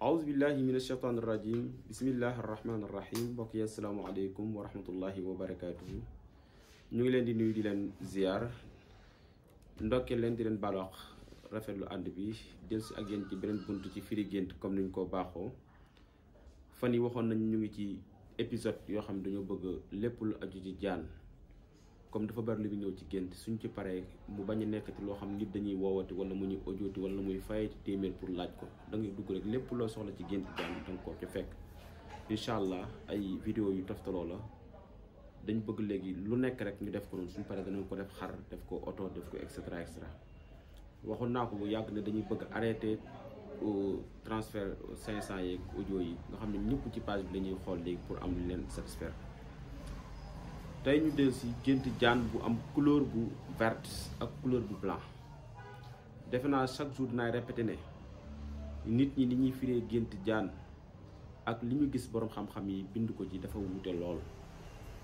aus billahi min asheytaan irrajim bismillahi arrahmaan irrahim mbokk yi asalaamaaleykum wa rahmatullahi wa barakaatuhu ñu ngi leen di nuyu di leen ziar ndokkee leen di leen balox rafetlu ànd bi del si ak yéen ci beneen bunt ci firi gént comme niñ ko baaxoo fan yi waxoon nañ ñu ngi ci épisode yoo xam ne dañoo bëgg lépp lu aju ci jaan comme dafa bari lu ñu ñëw ci gént suñ ci paree mu bañ nekk nekkati loo xam nit dañuy woowati wala mu ñuy audioti wala muy fayee ci téeméer pour laaj ko da ngay dugg rek lépp loo soxla ci gént jàng da nga koo ca fekk incha allah ay vidéo yu toftaloo la dañ bëgg léegi lu nekk rek ñu def ko noonu suñ paree danañ ko def xar def ko oto def ko et cetera et waxoon naa ko bu yàgg ne dañuy bëgg arrêté euh, transfert 500 yeeg audio yi nga xam ne ñëpp ci page bi ñuy xool léegi pour am leen satisfaire tey ñu del si gént jaan bu am couleur bu verte ak couleur bu blanc defe na chaque jour dinaay répété ne nit ñi li ñuy firee gént jaan ak li ñu gis boroom xam-xam yi bind ko ci dafa wuute lool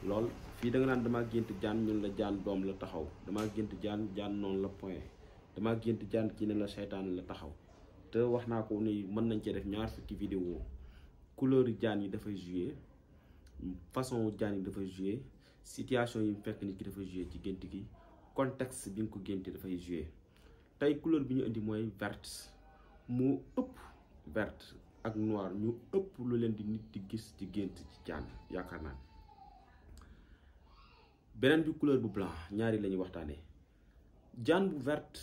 lool fii danga daan naan dama gént jaan ñun la jaan doom la taxaw dama gént jaan jaan noonu la point dama gént jaan ci ne la seytaan la taxaw te wax naa ko ni mën nañ cee def ñaar fukki vidéo couleur jaan yi dafay jouer façon jaan yi dafay jouer situation yi mu fekk nit ki dafa joué ci gént gi contexte bi nga ko génte dafay joué tey couleur bi ñu indi mooy verte mu ëpp vert ak noir ñu ëpp lu leen di nit di gis ci gént ci jaan yaakaar naa beneen bi couleur bu blanc ñaari la ñuy waxtaanee jaan bu vert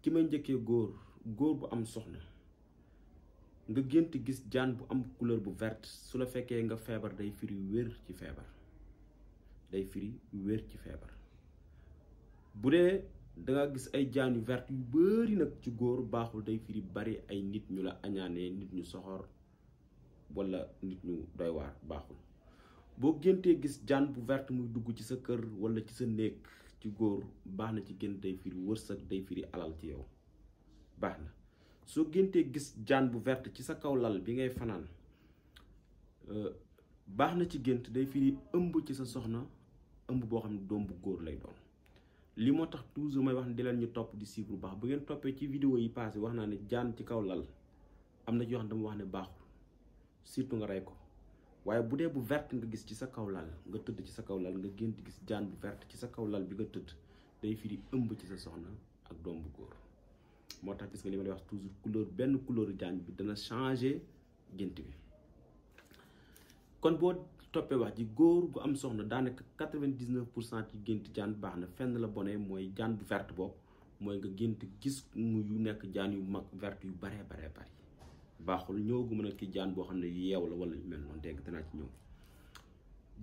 ki may njëkkee góor góor bu am soxna nga gént gis jaan bu am couleur bu vert su la fekkee nga feebar day yu wér ci feebar day firi wér ci feebar bu dee danga gis ay jaan yu verte yu bari nag ci góor baaxul day firi bari ay nit ñu la añaanee nit ñu soxor wala nit ñu doy waar baaxul boo géntee gis jaan bu verte muy dugg ci sa kër wala ci sa néeg ci góor baax na ci gént day firi wërsëg day firi alal ci yow baax soo géntee gis jaan bu verte ci sa kaw lal bi ngay fanaan euh, baax na ci gént day firi ëmb ci sa soxna ëmb boo xam ne doom bu góor lay doon li moo tax toujours may wax ne di leen ñu topp di suivre bu baax bu ngeen toppee ci vidéo yi passé wax naa ne jaan ci kaw lal am na ci yoo xam ne dama wax ne baaxul surtout nga ko waaye bu dee bu verte nga gis ci sa kaw nga tëdd ci sa kaw nga gént gis jaan bu verte ci sa kaw bi nga tëdd day firi ëmb ci sa soxna ak doom bu góor moo tax gis nga li wax toujours couleur benn couleur jaan bi dana changer gént bi kon boo toppee wax ji góor gu am soxna daanaka quatre vingt pour cent ci gént jaan baax na fenn la bonee mooy jaan bu verte boobu mooy nga gént gis mu yu nekk jaan yu mag vert yu baree bare bari baaxul ñëwagu mën a ki jaan boo xam ne yeew la wala yu mel noonu dégg danaa ci ñëw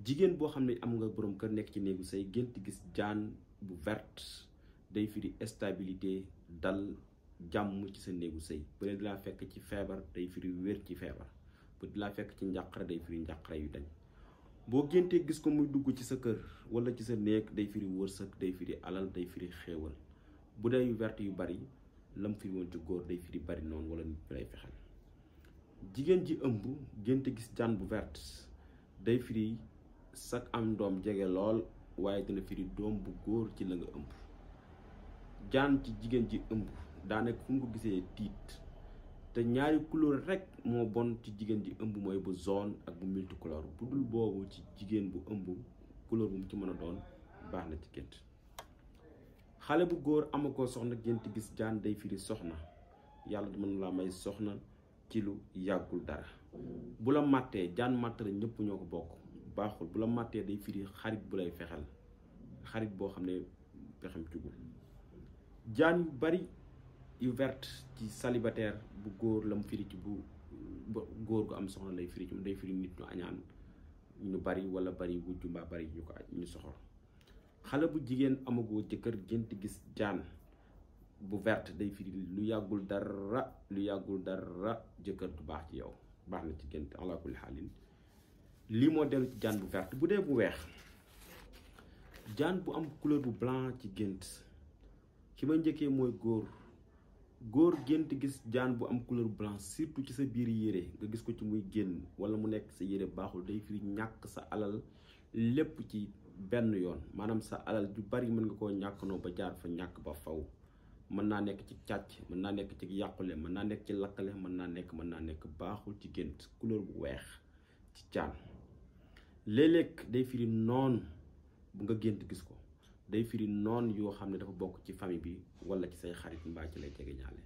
jigéen boo xam ne am nga boroom kër nekk ci néegu say gént gis jaan bu verte day firi stabilité dal jàmm ci sa néegu sëy bu di laa fekk ci feebar day firi wér ci feebar bu di laa fekk ci njàqare day firi njàqare yu dañ boo géntee gis ko muy dugg ci sa kër wala ci sa néeg day firi wërsëg day firi alal day firi xéewal bu day werte yu bari lam firi woon ci góor day firi bari noonu wala nit lay fexel jigéen ji ëmb génte gis jaan bu verte day firi sak am doom jege lool waaye dina firi doom bu góor ci la nga ëmb jaan ci jigéen ji ëmb daa nekk fu mu ko gisee tiit te ñaari couleur rekk moo bon ci jigéen ji ëmb mooy bu zone ak bu multicolore bu dul boobu ci jigéen bu ëmb couleur bu mu ci mën a doon baax na ci gént xale bu góor ama ko soxna gént gis jaan day firi soxna yàlla mën laa may soxna ci lu yàggul dara bu la màttee jaan màttala ñëpp ñoo ko bokk baaxul bu la màttee day firi xarit bu lay fexel xarit boo xam ne pexem cugul jaan yu bari uverte ci célibataire bu góor la mu firi ci bu góor gu am soxna lay firi ci mu nit ñu añaan ñu bari wala bari wujju mbaa bari ñu ko ñu xale bu jigéen amagoo jëkkër gént gis jaan bu verte day firi lu yàggul dara lu yàggul dara jëkkër du baax ci yow baax na ci gént ala xaalin lii moo dellu ci jaan bu vert bu dee bu weex jaan bu am couleur bu blanc ci gént ki ma njëkkee mooy góor góor gént gis jaan bu am couleur blanche surtout ci sa biir yére nga gis ko ci muy génn wala mu nekk sa yére baaxul day firi ñàkk sa alal lépp ci benn yoon maanaam sa alal ju bari mën nga koo ñàkkanoo ba jaar fa ñàkk ba faw mën naa nekk ci càcc mën naa nekk ci yàqule mën naa nekk ci lakkale mën naa nekk mën naa nekk baaxul ci gént couleur bu weex ci jaan léeg-léeg day firi noon bu nga gént gis ko day firi noon yoo xam ne dafa bokk ci famille bi wala ci say xarit mbaa ci lay jege ñaale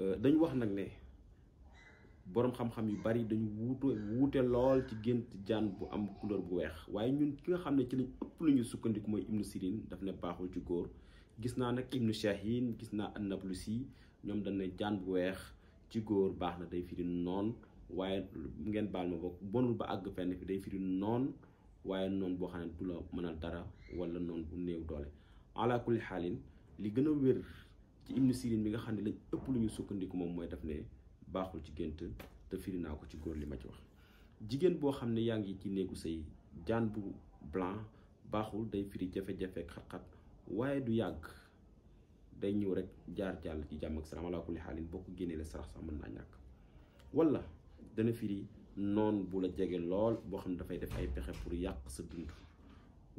euh, dañu wax nag ne boroom xam-xam yu bari dañu wuute wuute lool ci gént jaan bu am couleur bu weex waaye ñun ki nga xam ne ci lañ ëpp lu ñu sukkandiku mooy Ibnu Sirin daf ne paaxul ci góor gis naa nag Ibnu Shahin gis naa Annablusi ñoom dañ ne jaan bu weex ci góor baax na day firi noon waaye ngeen baal ma bokk bonul ba àgg fenn fi day firi noon waaye noon boo xam ne du la mënal dara wala noon bu néew doole ala kulli li gën a wér ci ibnu sirin bi nga xam ne lañ ëpp lu ñu sukkandiku moom mooy def ne baaxul ci gént te firi naa ko ci góor li ma ci wax jigéen boo xam ne yaa ngi ci néegu say jaan bu blanc baaxul day firi jafe-jafe xat-xat waaye du yàgg day ñëw rek jaar jàll ci jàmm ak salaam ala kulli xaalin boo ko la sarax sax mën naa ñàkk wala dana firi noon bu la jege lool boo xam ne dafay def ay pexe pour yàq sa dund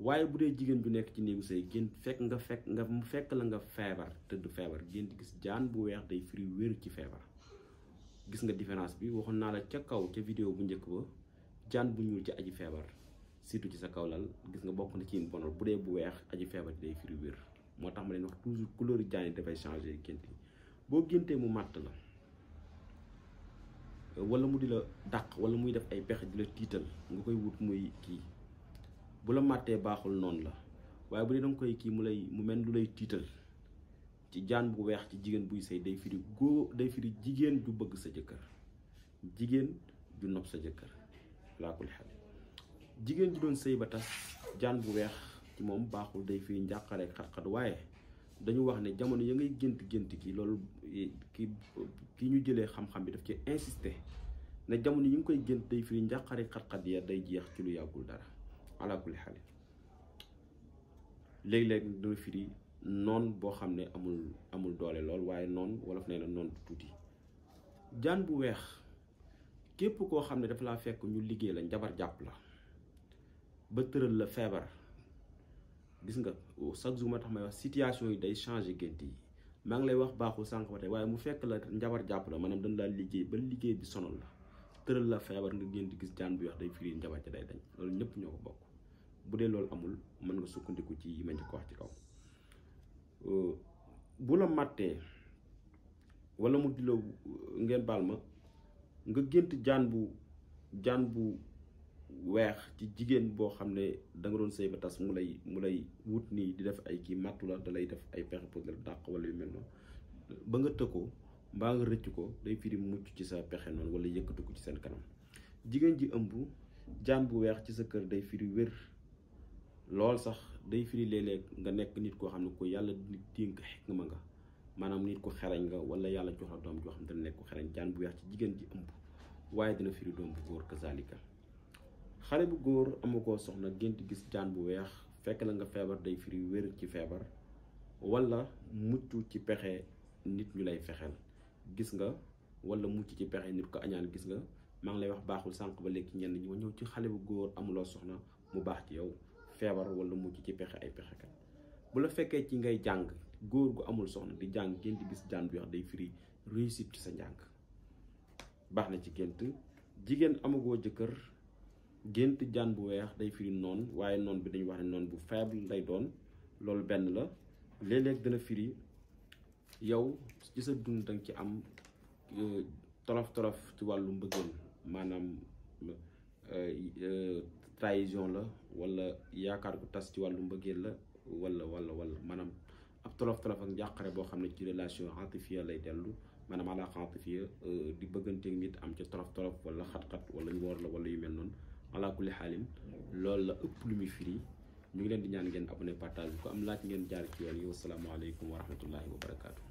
waaye bu dee jigéen bu nekk ci néegu say génn fekk nga fekk nga mu fekk la nga feebar tëdd feebar génn gis jaan bu weex day firi wér ci feebar gis nga différence bi waxoon naa la ca kaw ca vidéo bu njëkk ba jaan bu ñuul ci aji feebar surtout ci sa kaw lal gis nga bokk na ci yin bonal bu dee bu weex aji feebar day firi wér moo tax ma leen wax toujours couleur jaan yi dafay changer gént boo géntee mu màtt la wala mu di la dàq wala muy def ay pexe di la tiital nga koy wut muy kii bu la màttee baaxul noonu la waaye bu dee danga koy kii mu lay mu mel lu lay tiital ci jaan bu weex ci jigéen buy sëy day firi góor day firi jigéen ju bëgg sa jëkkër jigéen ju nopp sa jëkkër laakul xel jigéen ju doon sëy ba tas jaan bu weex ci moom baaxul day firi njàqareek xat-xat waaye dañu wax ne jamono ya ngay gént gént ki loolu ki ki ñu jëlee xam-xam bi daf ci insister ne jamono yi nga koy gént day firi njàqari xat-xat ya day jeex ci lu yàggul dara ala xale léeg-léeg dana firi noon boo xam ne amul amul doole lool waaye noon wolof nee na noon tuuti jaan bu weex képp koo xam ne dafa laa fekk ñu liggéey la jabar jàpp la ba tëral la feebar gis nga oh, chaque jour ma tax may wax situation yi day changé gént yi maa ngi lay wax baaxul sànq ba tey waaye mu fekk la njabar jàpp la maanaam dañ laa liggéey ba liggéey bi sonal la tëral la feebar nga gént gis jaan bi wax day firi njabar ca day dañ loolu ñëpp ñoo ko bokk bu dee loolu amul mën nga sukkandiku ci yi ma njëkk wax ci kaw oh, bu la màttee wala mu diloo ngeen baal ma nga gént jaan bu jaan bu weex ci jigéen boo xam ne danga doon sëy ba tas mu lay mu lay wut nii di def ay kii màttu la da lay def ay pexe pour dàq wala yu mel noonu ba nga tëkkoo mbaa nga rëcc ko day firi mucc ci sa pexe noonu wala yëkkatu ko ci seen kanam jigéen ji ëmb jaan bu weex ci sa kër day firi wér lool sax day firi léeg nga nekk nit koo xam ne ko yàlla nit dénk xikma ma nga maanaam nit ko xereñ nga wala yàlla jox la doom joo xam ne nekk ko xereñ jaan bu weex ci jigéen ji ëmb waaye dina firi doom bu xale bu góor amu ko soxna gént gis jaan bu weex fekk la nga feebar day firi wér ci feebar wala mucc ci pexe nit ñu lay fexeel gis nga wala mucc ci pexe nit ko añaan gis nga maa ngi lay wax baaxul sànq ba léegi ñenn ñi ñëw ci xale bu góor amuloo soxna mu baax ci yow feebar wala mucc ci pexe ay pexekat bu la fekkee ci ngay jàng góor gu amul soxna di jàng gént gis jaan bu weex day firi réussite ci sa njàng baax na ci gént jigéen amagoo jëkkër gént jaan bu weex day firi noonu waaye noonu bi dañuy wax ne noon bu faible lay doon loolu benn la léeg-léeg dana firi yow ci sa dund danga ci am euh, tolof tolof ci wàllu mbëggeel maanaam euh, euh, trahison la walla yaakaar gu tas ci wàllu mbëggeel la walla walla walla maanaam ab tolof tolof ak njàqare boo xam ne ci relation antifiya lay dellu maanaam alaaka antifiya di bëgganteeg nit am ca tolof tolof walla xat-xat walla ñu woor la walla yu mel noonu ala kulli xaalin loolu la ëpp lu muy firi ñu ngi leen di ñaan ngeen abonné partage bi ko am laaj ngeen jaar ci yoon yi wasalaamaaleykum wa rahmatullahi wa barakaatu.